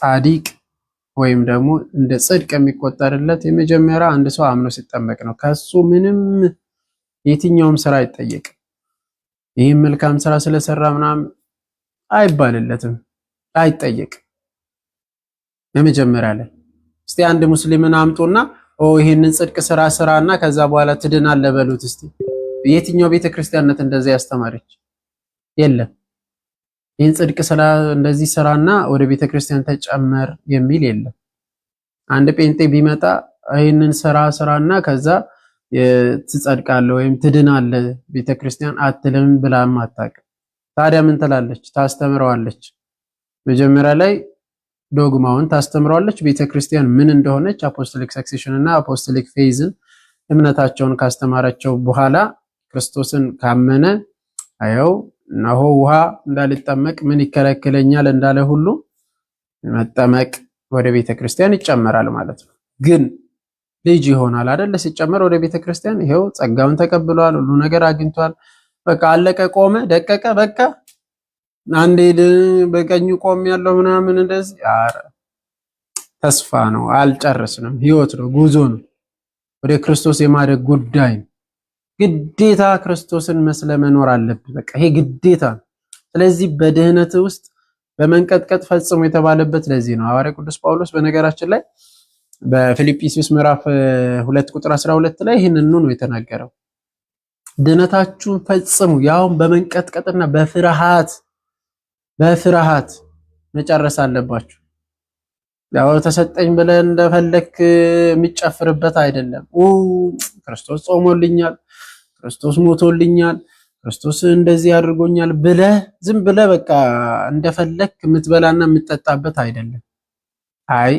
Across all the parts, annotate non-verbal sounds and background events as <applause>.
ጻዲቅ ወይም ደግሞ እንደ ጽድቅ የሚቆጠርለት የመጀመሪያ አንድ ሰው አምኖ ሲጠመቅ ነው። ከሱ ምንም የትኛውም ስራ አይጠየቅም። ይህም መልካም ስራ ስለሰራ ምናምን አይባልለትም፣ አይጠየቅም። የመጀመሪያ ላይ እስቲ አንድ ሙስሊምን አምጡና ይህንን ጽድቅ ስራ ስራና ከዛ በኋላ ትድናለህ በሉት እስቲ። የትኛው ቤተክርስቲያን እንደዚህ ያስተማረች? የለም። ይህን ጽድቅ ስራ እንደዚህ ስራና ወደ ቤተ ክርስቲያን ተጨመር የሚል የለም። አንድ ጴንጤ ቢመጣ ይህንን ስራ ስራና ከዛ ትጸድቃለ ወይም ትድናለ ቤተ ክርስቲያን አትልም ብላም አታውቅም። ታዲያ ምን ትላለች? ታስተምረዋለች። መጀመሪያ ላይ ዶግማውን ታስተምረዋለች። ቤተ ክርስቲያን ምን እንደሆነች አፖስቶሊክ ሰክሴሽን እና አፖስቶሊክ ፌዝን እምነታቸውን ካስተማራቸው በኋላ ክርስቶስን ካመነ አየው እነሆ ውሃ እንዳልጠመቅ ምን ይከለክለኛል እንዳለ ሁሉ መጠመቅ ወደ ቤተ ክርስቲያን ይጨመራል ማለት ነው። ግን ልጅ ይሆናል አይደለ? ሲጨመር ወደ ቤተ ክርስቲያን ይሄው ጸጋውን ተቀብሏል፣ ሁሉ ነገር አግኝቷል። በቃ አለቀ፣ ቆመ፣ ደቀቀ፣ በቃ አንዴ በቀኙ ቆም ያለው ምናምን እንደዚህ ኧረ ተስፋ ነው፣ አልጨረስንም። ህይወት ነው፣ ጉዞ ነው፣ ወደ ክርስቶስ የማደግ ጉዳይ ነው። ግዴታ ክርስቶስን መስለ መኖር አለብህ። በቃ ይሄ ግዴታ። ስለዚህ በድህነት ውስጥ በመንቀጥቀጥ ፈጽሞ የተባለበት ለዚህ ነው። ሐዋርያ ቅዱስ ጳውሎስ በነገራችን ላይ በፊልጵስዩስ ምዕራፍ 2 ቁጥር 12 ላይ ይህንኑ ነው የተናገረው። ድህነታችሁን ፈጽሙ፣ ያውም በመንቀጥቀጥና በፍርሃት በፍርሃት መጨረስ አለባችሁ። ያው ተሰጠኝ ብለን እንደፈለክ የሚጨፍርበት አይደለም። ክርስቶስ ጾሞልኛል ክርስቶስ ሞቶልኛል፣ ክርስቶስ እንደዚህ አድርጎኛል ብለህ ዝም ብለህ በቃ እንደፈለክ የምትበላና የምትጠጣበት አይደለም። አይ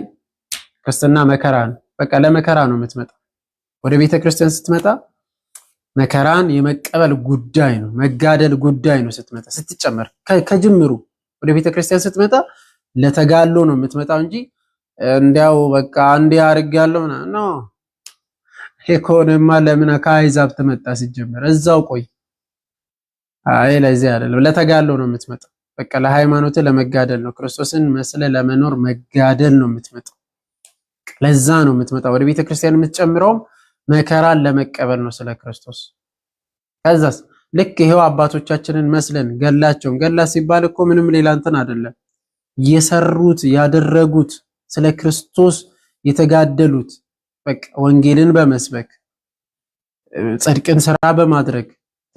ክርስትና መከራ ነው። በቃ ለመከራ ነው የምትመጣ። ወደ ቤተ ክርስቲያን ስትመጣ መከራን የመቀበል ጉዳይ ነው፣ መጋደል ጉዳይ ነው። ስትመጣ ስትጨመር ከጅምሩ ወደ ቤተ ክርስቲያን ስትመጣ ለተጋሎ ነው የምትመጣው እንጂ እንዲያው በቃ አንዴ ያለው ነው ከሆነማ ለምን ከአሕዛብ ትመጣ? ሲጀመር እዛው ቆይ። አይ ለዚህ አይደለም፣ ለተጋለው ነው የምትመጣው። በቃ ለሃይማኖት ለመጋደል ነው፣ ክርስቶስን መስለ ለመኖር መጋደል ነው የምትመጣው። ለዛ ነው የምትመጣው። ወደ ቤተ ክርስቲያን የምትጨምረውም መከራን ለመቀበል ነው ስለ ክርስቶስ። ከዛስ ልክ ይሄው አባቶቻችንን መስለን ገላቸውን ገላ ሲባል እኮ ምንም ሌላ እንትን አይደለም የሰሩት ያደረጉት ስለ ክርስቶስ የተጋደሉት በቃ ወንጌልን በመስበክ ጽድቅን ስራ በማድረግ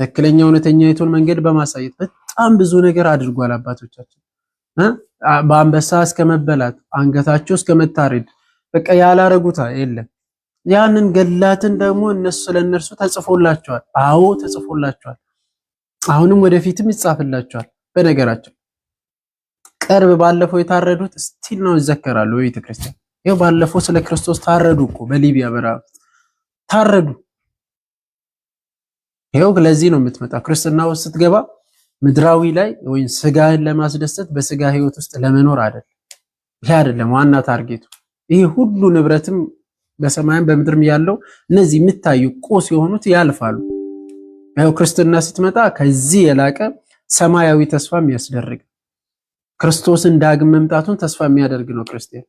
ትክክለኛ እውነተኛ የቱን መንገድ በማሳየት በጣም ብዙ ነገር አድርጓል አባቶቻችን። በአንበሳ እስከ መበላት አንገታቸው እስከ መታረድ በቃ ያላረጉታ የለም። ያንን ገላትን ደግሞ እነሱ ለእነርሱ ተጽፎላቸዋል። አዎ ተጽፎላቸዋል። አሁንም ወደፊትም ይጻፍላቸዋል። በነገራቸው ቅርብ ባለፈው የታረዱት ስቲል ነው ይዘከራሉ በቤተክርስቲያን ይኸው ባለፈው ስለ ክርስቶስ ታረዱ እኮ በሊቢያ በረሃብ ታረዱ። ይኸው ለዚህ ነው የምትመጣው። ክርስትና ውስጥ ስትገባ ምድራዊ ላይ ወይም ስጋህን ለማስደሰት በስጋ ህይወት ውስጥ ለመኖር አይደለም። ይሄ አይደለም ዋና ታርጌቱ። ይሄ ሁሉ ንብረትም በሰማይም በምድርም ያለው እነዚህ የሚታዩ ቁስ የሆኑት ያልፋሉ። ያው ክርስትና ስትመጣ ከዚህ የላቀ ሰማያዊ ተስፋ የሚያስደርግ ክርስቶስን ዳግም መምጣቱን ተስፋ የሚያደርግ ነው ክርስቲያን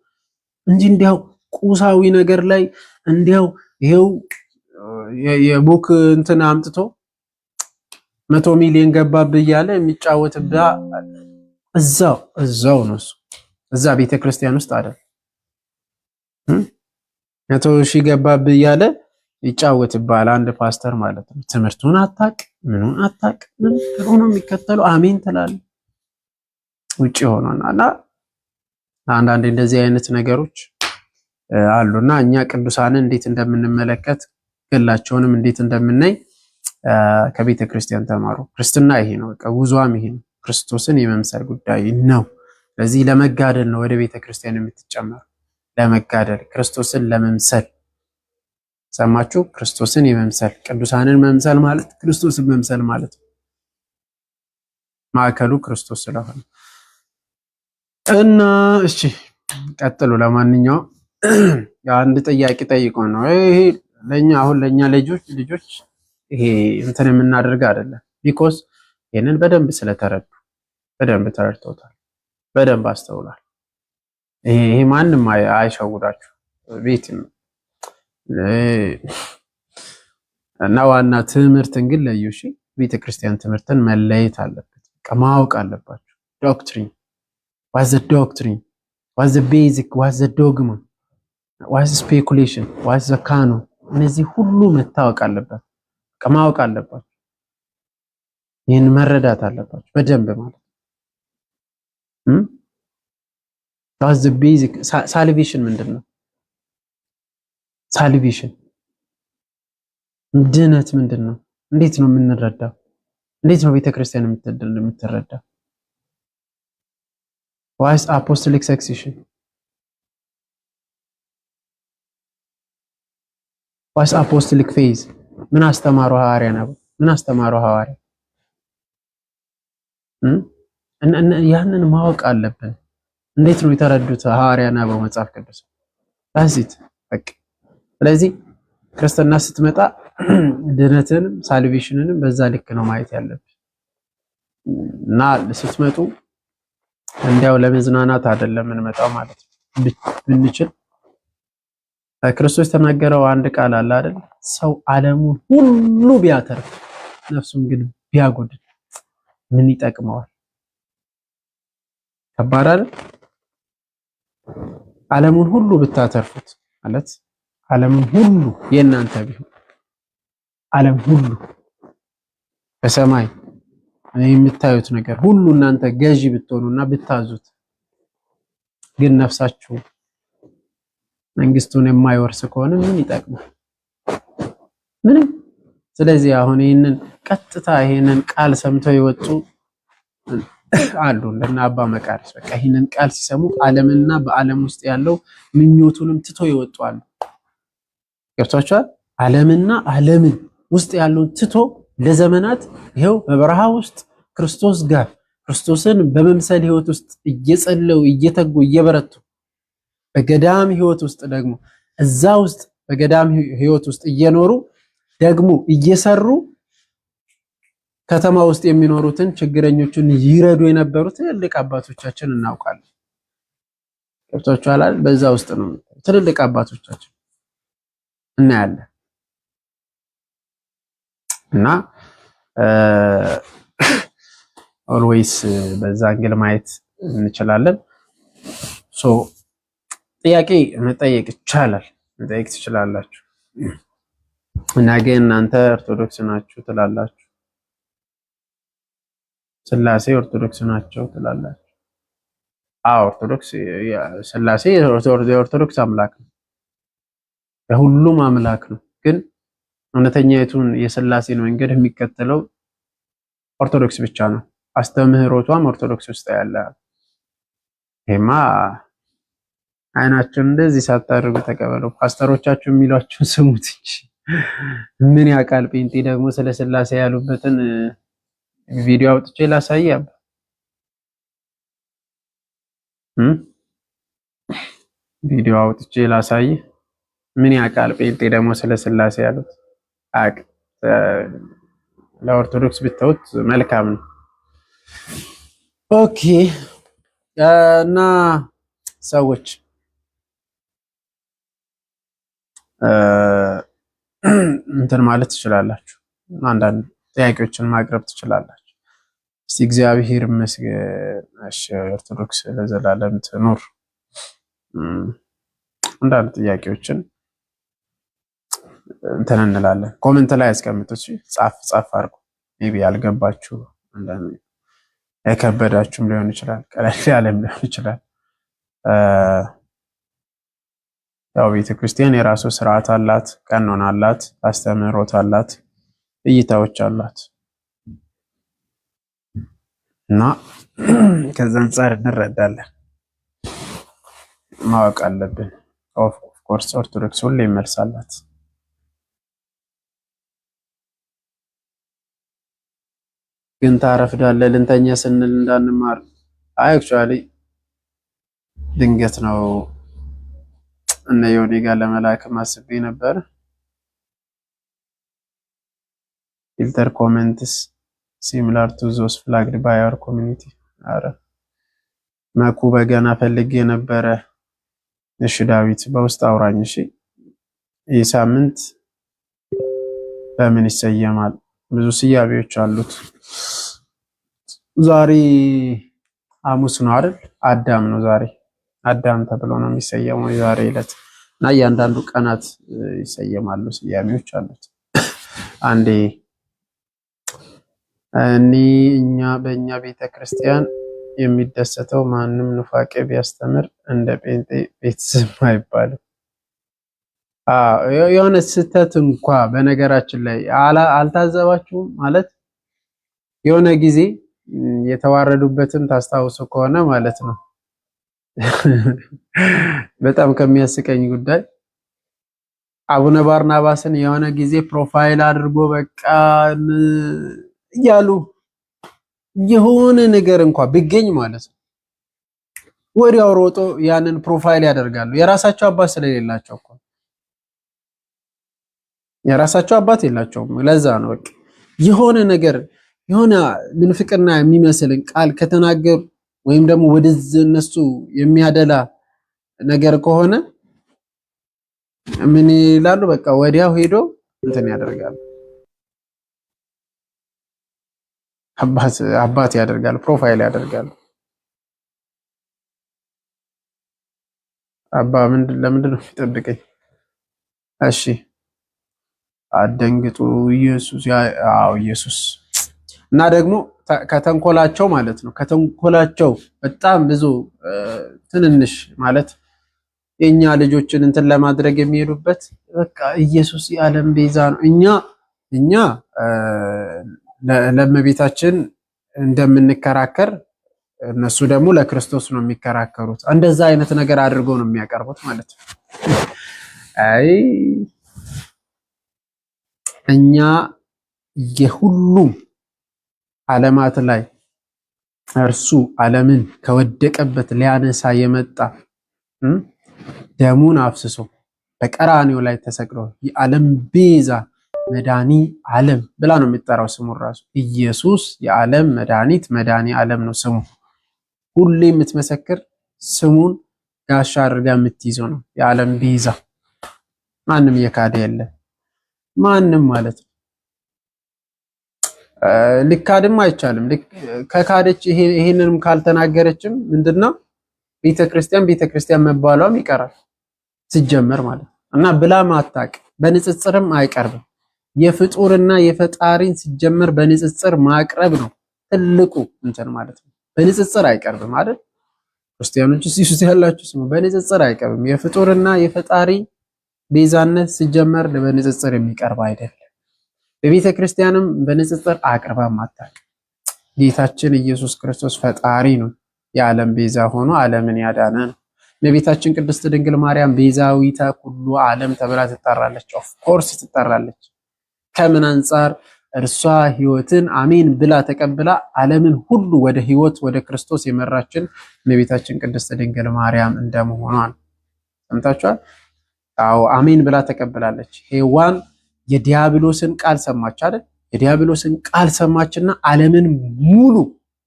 እንጂ እንዲያው ቁሳዊ ነገር ላይ እንዲያው ይሄው የቡክ እንትን አምጥቶ መቶ ሚሊዮን ገባብ እያለ የሚጫወትብህ እዛው እዛው ነው እሱ እዛ ቤተክርስቲያን ውስጥ አይደል መቶ ሺህ ገባብህ እያለ ይጫወትባል አንድ ፓስተር ማለት ነው። ትምህርቱን አታቅ ምኑን አታቅ ምን ሆኖ የሚከተለው አሜን ትላለህ ውጭ ሆኖና እና አንዳንድ እንደዚህ አይነት ነገሮች አሉና እኛ ቅዱሳንን እንዴት እንደምንመለከት ገላቸውንም እንዴት እንደምናይ ከቤተ ክርስቲያን ተማሩ። ክርስትና ይሄ ነው፣ በቃ ጉዟም ይሄ ነው። ክርስቶስን የመምሰል ጉዳይ ነው። ስለዚህ ለመጋደል ነው ወደ ቤተ ክርስቲያን የምትጨመሩ፣ ለመጋደል ክርስቶስን ለመምሰል ሰማችሁ። ክርስቶስን የመምሰል ቅዱሳንን መምሰል ማለት ክርስቶስን መምሰል ማለት ነው። ማዕከሉ ክርስቶስ ስለሆነ እና እሺ ቀጥሉ። ለማንኛውም የአንድ ጥያቄ ጠይቆ ነው ይሄ ለኛ አሁን ለኛ ልጆች ልጆች ይሄ እንትን የምናደርግ አይደለም። ቢኮስ ይሄንን በደንብ ስለተረዱ በደንብ ተረድተውታል፣ በደንብ አስተውሏል። ይሄ ይሄ ማንም አይሸውዳችሁ። ቤትም እና ዋና ትምህርትን ግን ለዩ። እሺ ቤተክርስቲያን ትምህርትን መለየት አለበት፣ ማወቅ አለባችሁ ዶክትሪን what's the doctrine what's the basic what's the dogma what's the speculation what's the canon እነዚህ ሁሉ መታወቅ አለበት ማወቅ አለባቸው። ይህን መረዳት አለባቸው በደንብ ማለት ዋትስ ዘ ቤዚክ ሳልቬሽን ምንድን ነው? ሳልቬሽን ድህነት ምንድን ነው? እንዴት ነው የምንረዳው? እንዴት ነው ቤተክርስቲያን የምትረዳው? why is apostolic succession? ዋስ አፖስትሊክ ፌዝ ምን አስተማሩ? ሐዋርያ ነው። ምን አስተማሩ? ሐዋርያ ያንን ማወቅ አለብን። እንዴት ነው የተረዱት? ሐዋርያ ነው መጽሐፍ ቅዱስ ታንሲት በቃ። ስለዚህ ክርስትና ስትመጣ <clears throat> ድህነትንም ሳልቬሽንንም በዛ ልክ ነው ማየት ያለብን እና ስትመጡ እንዲያው ለመዝናናት አይደለም እንመጣው ማለት ነው ብንችል ክርስቶስ ተናገረው አንድ ቃል አለ አይደል? ሰው ዓለሙን ሁሉ ቢያተርፍ ነፍሱን ግን ቢያጎድል ምን ይጠቅመዋል? ከባድ አይደል? ዓለሙን ሁሉ ብታተርፉት ማለት ዓለሙን ሁሉ የእናንተ ቢሆን ዓለም ሁሉ በሰማይ የምታዩት ነገር ሁሉ እናንተ ገዢ ብትሆኑና ብታዙት ግን ነፍሳችሁ መንግስቱን የማይወርስ ከሆነ ምን ይጠቅማል? ምንም። ስለዚህ አሁን ይህንን ቀጥታ ይህንን ቃል ሰምተው የወጡ አሉ እንደነ አባ መቃርስ በቃ ይህንን ቃል ሲሰሙ ዓለምና በዓለም ውስጥ ያለው ምኞቱንም ትቶ ይወጡ አሉ። ገብቷችኋል? ዓለምና ዓለምን ውስጥ ያለውን ትቶ ለዘመናት ይኸው በበረሃ ውስጥ ክርስቶስ ጋር ክርስቶስን በመምሰል ህይወት ውስጥ እየጸለው እየተጉ እየበረቱ በገዳም ህይወት ውስጥ ደግሞ እዛ ውስጥ በገዳም ህይወት ውስጥ እየኖሩ ደግሞ እየሰሩ ከተማ ውስጥ የሚኖሩትን ችግረኞችን ይረዱ የነበሩ ትልልቅ አባቶቻችን እናውቃለን። ገብቷችኋል? በዛ ውስጥ ነው ትልልቅ አባቶቻችን እናያለን። እና ኦልዌይስ በዛ አንግል ማየት እንችላለን። ሶ ጥያቄ መጠየቅ ይቻላል፣ መጠየቅ ትችላላችሁ። እና ግን እናንተ ኦርቶዶክስ ናችሁ ትላላችሁ፣ ስላሴ ኦርቶዶክስ ናቸው ትላላችሁ። አዎ ኦርቶዶክስ ስላሴ የኦርቶዶክስ አምላክ ነው፣ የሁሉም አምላክ ነው ግን እውነተኛይቱን የስላሴን መንገድ የሚከተለው ኦርቶዶክስ ብቻ ነው። አስተምህሮቷም ኦርቶዶክስ ውስጥ ያለ ይሄማ አይናችሁን እንደዚህ ሳታደርጉ ተቀበሉ። ፓስተሮቻችሁ የሚሏችሁን ስሙት እንጂ ምን ያውቃል? ጴንጤ ደግሞ ስለ ስላሴ ያሉበትን ቪዲዮ አውጥቼ ላሳያብ ቪዲዮ አውጥቼ ላሳይ። ምን ያውቃል? ጴንጤ ደግሞ ስለ ስላሴ ያሉት አቅ ለኦርቶዶክስ ብታዩት መልካም ነው። ኦኬ እና ሰዎች እንትን ማለት ትችላላችሁ፣ አንዳንድ ጥያቄዎችን ማቅረብ ትችላላችሁ። እስቲ እግዚአብሔር ይመስገን። ኦርቶዶክስ ለዘላለም ትኑር። አንዳንድ ጥያቄዎችን እንትን እንላለን። ኮመንት ላይ ያስቀምጡ። ጻፍ ጻፍ አድርጉ። ቢቢ ያልገባችሁ የከበዳችሁም ሊሆን ይችላል፣ ቀለል ያለም ሊሆን ይችላል። ያው ቤተክርስቲያን የራሱ ስርዓት አላት፣ ቀኖና አላት፣ አስተምህሮት አላት፣ እይታዎች አላት እና ከዛ አንጻር እንረዳለን ማወቅ አለብን። ኦፍ ኮርስ ኦርቶዶክስ ሁሌ ይመልሳላት። ግን ዳለ ልንተኛ ስንል እንዳንማር። አይ ድንገት ነው እነ ዮኒ ጋር ለመላክ ማስቤ ነበር። ፊልተር ኮሜንትስ ሲሚላር ቱ ዞስ ፍላግድ ባይ አወር ኮሚኒቲ። አረ መኩ በገና ፈልጌ ነበረ። እሺ ዳዊት በውስጥ አውራኝ። እሺ ይህ ሳምንት በምን ይሰየማል? ብዙ ስያሜዎች አሉት። ዛሬ ሐሙስ ነው አይደል? አዳም ነው ዛሬ። አዳም ተብሎ ነው የሚሰየመው የዛሬ ዕለት እና እያንዳንዱ ቀናት ይሰየማሉ፣ ስያሜዎች አሉት። <coughs> አንዴ እኔ እኛ በእኛ ቤተ ክርስቲያን የሚደሰተው ማንም ኑፋቄ ቢያስተምር እንደ ጴንጤ ቤተሰብ አይባልም። የሆነ ስህተት እንኳ በነገራችን ላይ አልታዘባችሁም? ማለት የሆነ ጊዜ የተዋረዱበትም ታስታውሱ ከሆነ ማለት ነው። <laughs> በጣም ከሚያስቀኝ ጉዳይ አቡነ ባርናባስን የሆነ ጊዜ ፕሮፋይል አድርጎ በቃ እያሉ የሆነ ነገር እንኳ ቢገኝ ማለት ነው ወዲያው ሮጦ ያንን ፕሮፋይል ያደርጋሉ። የራሳቸው አባት ስለሌላቸው እኮ የራሳቸው አባት የላቸውም። ለዛ ነው በቃ የሆነ ነገር የሆነ ምንፍቅና የሚመስልን ቃል ከተናገሩ ወይም ደግሞ ወደዚህ እነሱ የሚያደላ ነገር ከሆነ ምን ይላሉ? በቃ ወዲያው ሄዶ እንትን ያደርጋሉ፣ አባት ያደርጋል፣ ፕሮፋይል ያደርጋል። አባ ለምንድን ነው የሚጠብቀኝ? እሺ አደንግጡ ኢየሱስ ያው ኢየሱስ እና ደግሞ ከተንኮላቸው ማለት ነው። ከተንኮላቸው በጣም ብዙ ትንንሽ ማለት የእኛ ልጆችን እንትን ለማድረግ የሚሄዱበት በቃ ኢየሱስ የዓለም ቤዛ ነው። እኛ እኛ ለእመቤታችን እንደምንከራከር እነሱ ደግሞ ለክርስቶስ ነው የሚከራከሩት። እንደዛ አይነት ነገር አድርገው ነው የሚያቀርቡት ማለት ነው። አይ እኛ የሁሉም ዓለማት ላይ እርሱ ዓለምን ከወደቀበት ሊያነሳ የመጣ ደሙን አፍስሶ በቀራኔው ላይ ተሰቅሎ የዓለም ቤዛ መድኃኒ ዓለም ብላ ነው የሚጠራው ስሙ ራሱ ኢየሱስ የዓለም መድኃኒት መድኃኒ ዓለም ነው ስሙ። ሁሌ የምትመሰክር ስሙን ጋሻ አድርጋ የምትይዘው ነው የዓለም ቤዛ። ማንም የካደ የለም። ማንም ማለት ነው። ልካድም አይቻልም። ከካደች ይሄንንም ካልተናገረችም ምንድነው ቤተክርስቲያን ቤተክርስቲያን መባሏም ይቀራል ሲጀመር ማለት ነው። እና ብላም አታቅ በንጽጽርም አይቀርብም። የፍጡርና የፈጣሪን ሲጀመር በንጽጽር ማቅረብ ነው ትልቁ እንትን ማለት ነው። በንጽጽር አይቀርብም አይደል? ክርስቲያኖች ሲሱ ያላችሁ ስሙ፣ በንጽጽር አይቀርብም የፍጡርና የፈጣሪን ቤዛነት ሲጀመር በንጽጽር የሚቀርብ አይደለም። በቤተ ክርስቲያንም በንጽጽር አቅርባ አታውቅም። ጌታችን ኢየሱስ ክርስቶስ ፈጣሪ ነው። የዓለም ቤዛ ሆኖ ዓለምን ያዳነ ነው። እመቤታችን ቅድስት ድንግል ማርያም ቤዛዊተ ኩሉ ዓለም ተብላ ትጠራለች። ኦፍ ኮርስ ትጠራለች። ከምን አንጻር? እርሷ ህይወትን አሜን ብላ ተቀብላ ዓለምን ሁሉ ወደ ህይወት ወደ ክርስቶስ የመራችን እመቤታችን ቅድስት ድንግል ማርያም እንደመሆኗ ነው። ሰምታችኋል። አዎ አሜን ብላ ተቀብላለች። ሔዋን የዲያብሎስን ቃል ሰማች አይደል? የዲያብሎስን ቃል ሰማችና ዓለምን ሙሉ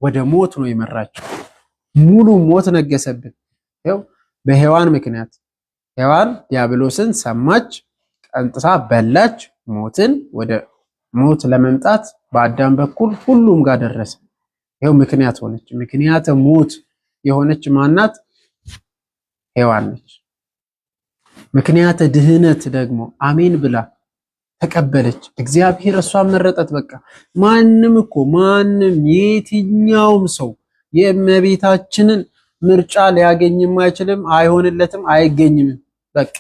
ወደ ሞት ነው የመራችው። ሙሉ ሞት ነገሰብን። ይኸው በሔዋን ምክንያት ሔዋን ዲያብሎስን ሰማች፣ ቀንጥሳ በላች። ሞትን ወደ ሞት ለመምጣት በአዳም በኩል ሁሉም ጋር ደረሰ። ይኸው ምክንያት ሆነች። ምክንያተ ሞት የሆነች ማናት? ሔዋን ነች። ምክንያተ ድህነት ደግሞ አሜን ብላ ተቀበለች። እግዚአብሔር እሷን መረጠት። በቃ ማንም እኮ ማንም የትኛውም ሰው የእመቤታችንን ምርጫ ሊያገኝም አይችልም፣ አይሆንለትም፣ አይገኝም። በቃ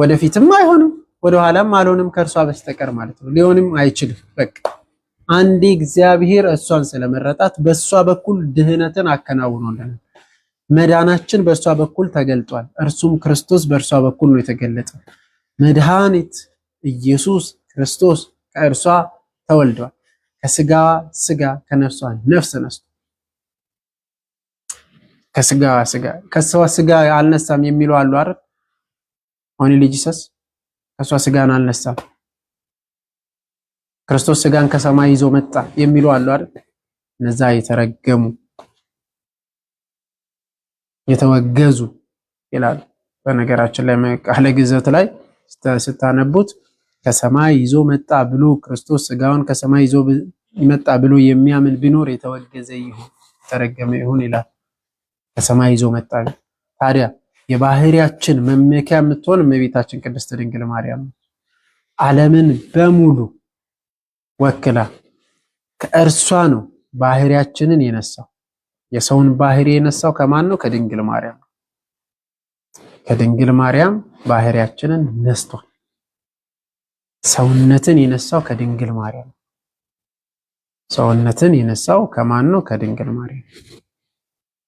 ወደፊትም አይሆንም፣ ወደኋላም አልሆንም ከእርሷ በስተቀር ማለት ነው። ሊሆንም አይችልም። በቃ አንዴ እግዚአብሔር እሷን ስለመረጣት በእሷ በኩል ድህነትን አከናውኖልናል። መዳናችን በእርሷ በኩል ተገልጧል። እርሱም ክርስቶስ በእርሷ በኩል ነው የተገለጠ መድኃኒት ኢየሱስ ክርስቶስ ከእርሷ ተወልዷል። ከስጋ ስጋ ከነፍሷ ነፍስ ነስቶ ከስጋ ስጋ ከሷ ስጋ አልነሳም የሚሉ አሉ አይደል? ኦንሊ ጂሰስ ከሷ ስጋን አልነሳም ክርስቶስ ስጋን ከሰማይ ይዞ መጣ የሚሉ አሉ አይደል? እነዛ የተረገሙ የተወገዙ ይላል። በነገራችን ላይ ቃለ ግዘት ላይ ስታነቡት ከሰማይ ይዞ መጣ ብሎ ክርስቶስ ስጋውን ከሰማይ ይዞ መጣ ብሎ የሚያምን ቢኖር የተወገዘ ይሁን የተረገመ ይሁን ይላል። ከሰማይ ይዞ መጣ። ታዲያ የባህሪያችን መመኪያ የምትሆን እመቤታችን ቅድስት ድንግል ማርያም ዓለምን በሙሉ ወክላ ከእርሷ ነው ባህሪያችንን የነሳው። የሰውን ባህሪ የነሳው ከማን ነው? ከድንግል ማርያም። ከድንግል ማርያም ባህሪያችንን ነስቷል። ሰውነትን የነሳው ከድንግል ማርያም። ሰውነትን የነሳው ከማን ነው? ከድንግል ማርያም።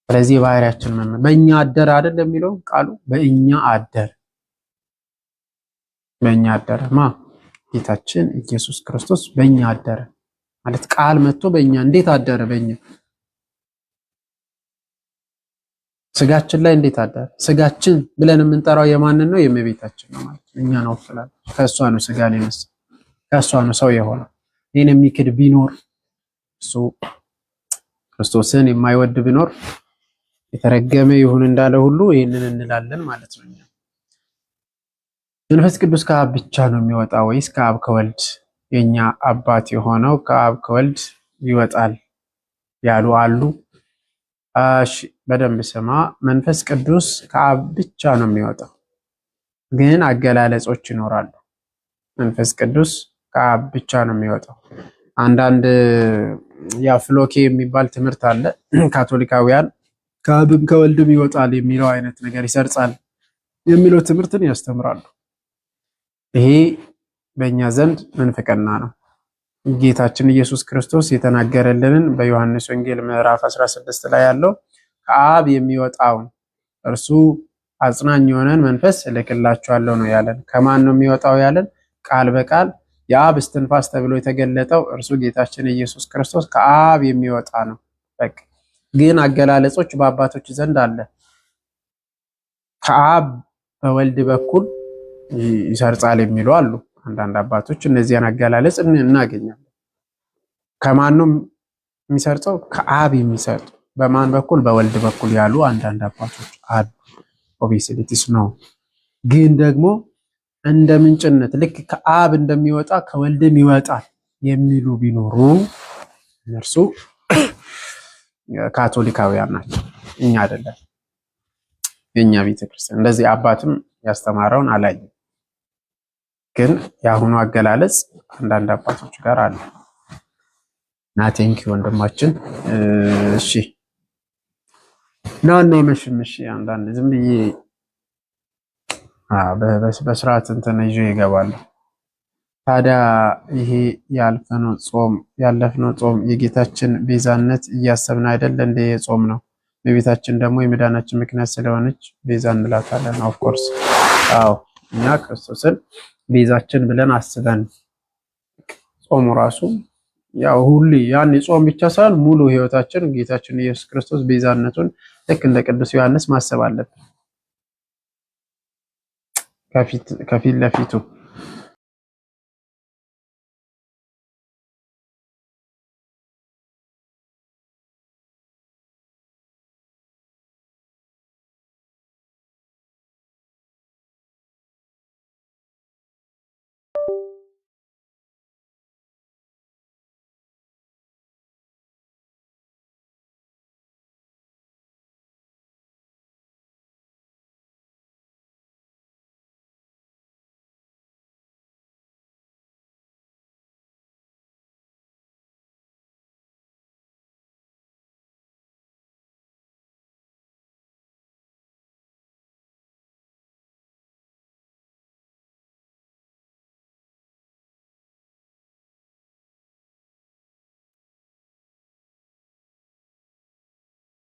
ስለዚህ ባህሪያችን ምን በእኛ አደር አይደል የሚለው ቃሉ በእኛ አደር በእኛ አደረ ማ ጌታችን ኢየሱስ ክርስቶስ በእኛ አደረ ማለት ቃል መጥቶ በእኛ እንዴት አደረ? በእኛ ስጋችን ላይ እንዴት አዳር። ስጋችን ብለን የምንጠራው የማንን ነው? የእመቤታችን ነው ማለት ነው። እኛን ወክላለች። ከእሷ ነው ስጋን የነሳ ከእሷ ነው ሰው የሆነው። ይህን የሚክድ ቢኖር እሱ ክርስቶስን የማይወድ ቢኖር የተረገመ ይሁን እንዳለ ሁሉ ይህንን እንላለን ማለት ነው። መንፈስ ቅዱስ ከአብ ብቻ ነው የሚወጣ ወይስ ከአብ ከወልድ? የኛ አባት የሆነው ከአብ ከወልድ ይወጣል ያሉ አሉ። እሺ በደንብ ስማ። መንፈስ ቅዱስ ከአብ ብቻ ነው የሚወጣው፣ ግን አገላለጾች ይኖራሉ። መንፈስ ቅዱስ ከአብ ብቻ ነው የሚወጣው። አንዳንድ ያው ፍሎኬ የሚባል ትምህርት አለ። <clears throat> ካቶሊካውያን ከአብም ከወልድም ይወጣል የሚለው አይነት ነገር ይሰርጻል የሚለው ትምህርትን ያስተምራሉ። ይሄ በእኛ ዘንድ ምንፍቅና ነው። ጌታችን ኢየሱስ ክርስቶስ የተናገረልንን በዮሐንስ ወንጌል ምዕራፍ 16 ላይ ያለው ከአብ የሚወጣውን እርሱ አጽናኝ የሆነን መንፈስ እልክላችኋለሁ ነው ያለን። ከማን ነው የሚወጣው ያለን? ቃል በቃል የአብ እስትንፋስ ተብሎ የተገለጠው እርሱ ጌታችን ኢየሱስ ክርስቶስ ከአብ የሚወጣ ነው። በቃ ግን አገላለጾች በአባቶች ዘንድ አለ። ከአብ በወልድ በኩል ይሰርጻል የሚሉ አሉ። አንዳንድ አባቶች እነዚያን አገላለጽ እናገኛለን። ከማን ነው የሚሰርጸው? ከአብ የሚሰጡ በማን በኩል? በወልድ በኩል ያሉ አንዳንድ አባቶች አሉ። ነው ግን ደግሞ እንደ ምንጭነት ልክ ከአብ እንደሚወጣ ከወልድም ይወጣል የሚሉ ቢኖሩ እነርሱ ካቶሊካውያን ናቸው። እኛ አይደለም። የእኛ ቤተክርስቲያን እንደዚህ አባትም ያስተማረውን አላየ። ግን የአሁኑ አገላለጽ አንዳንድ አባቶች ጋር አለ እና ቴንኪ ወንድማችን። እሺ ናና ይመሽም። እሺ አንዳንድ ዝም ብዬ በስርዓት እንትን ይዞ ይገባሉ። ታዲያ ይሄ ያልፈነው ጾም ያለፍነው ጾም የጌታችን ቤዛነት እያሰብን አይደለ? እንደ የጾም ነው። በቤታችን ደግሞ የመዳናችን ምክንያት ስለሆነች ቤዛ እንላታለን። ኦፍኮርስ አዎ እኛ ክርስቶስን ቤዛችን ብለን አስበን ጾሙ ራሱ ያው ሁሉ ያን ጾም ብቻ ሳይሆን ሙሉ ህይወታችን ጌታችን ኢየሱስ ክርስቶስ ቤዛነቱን ልክ እንደ ቅዱስ ዮሐንስ ማሰብ አለብን ከፊት ለፊቱ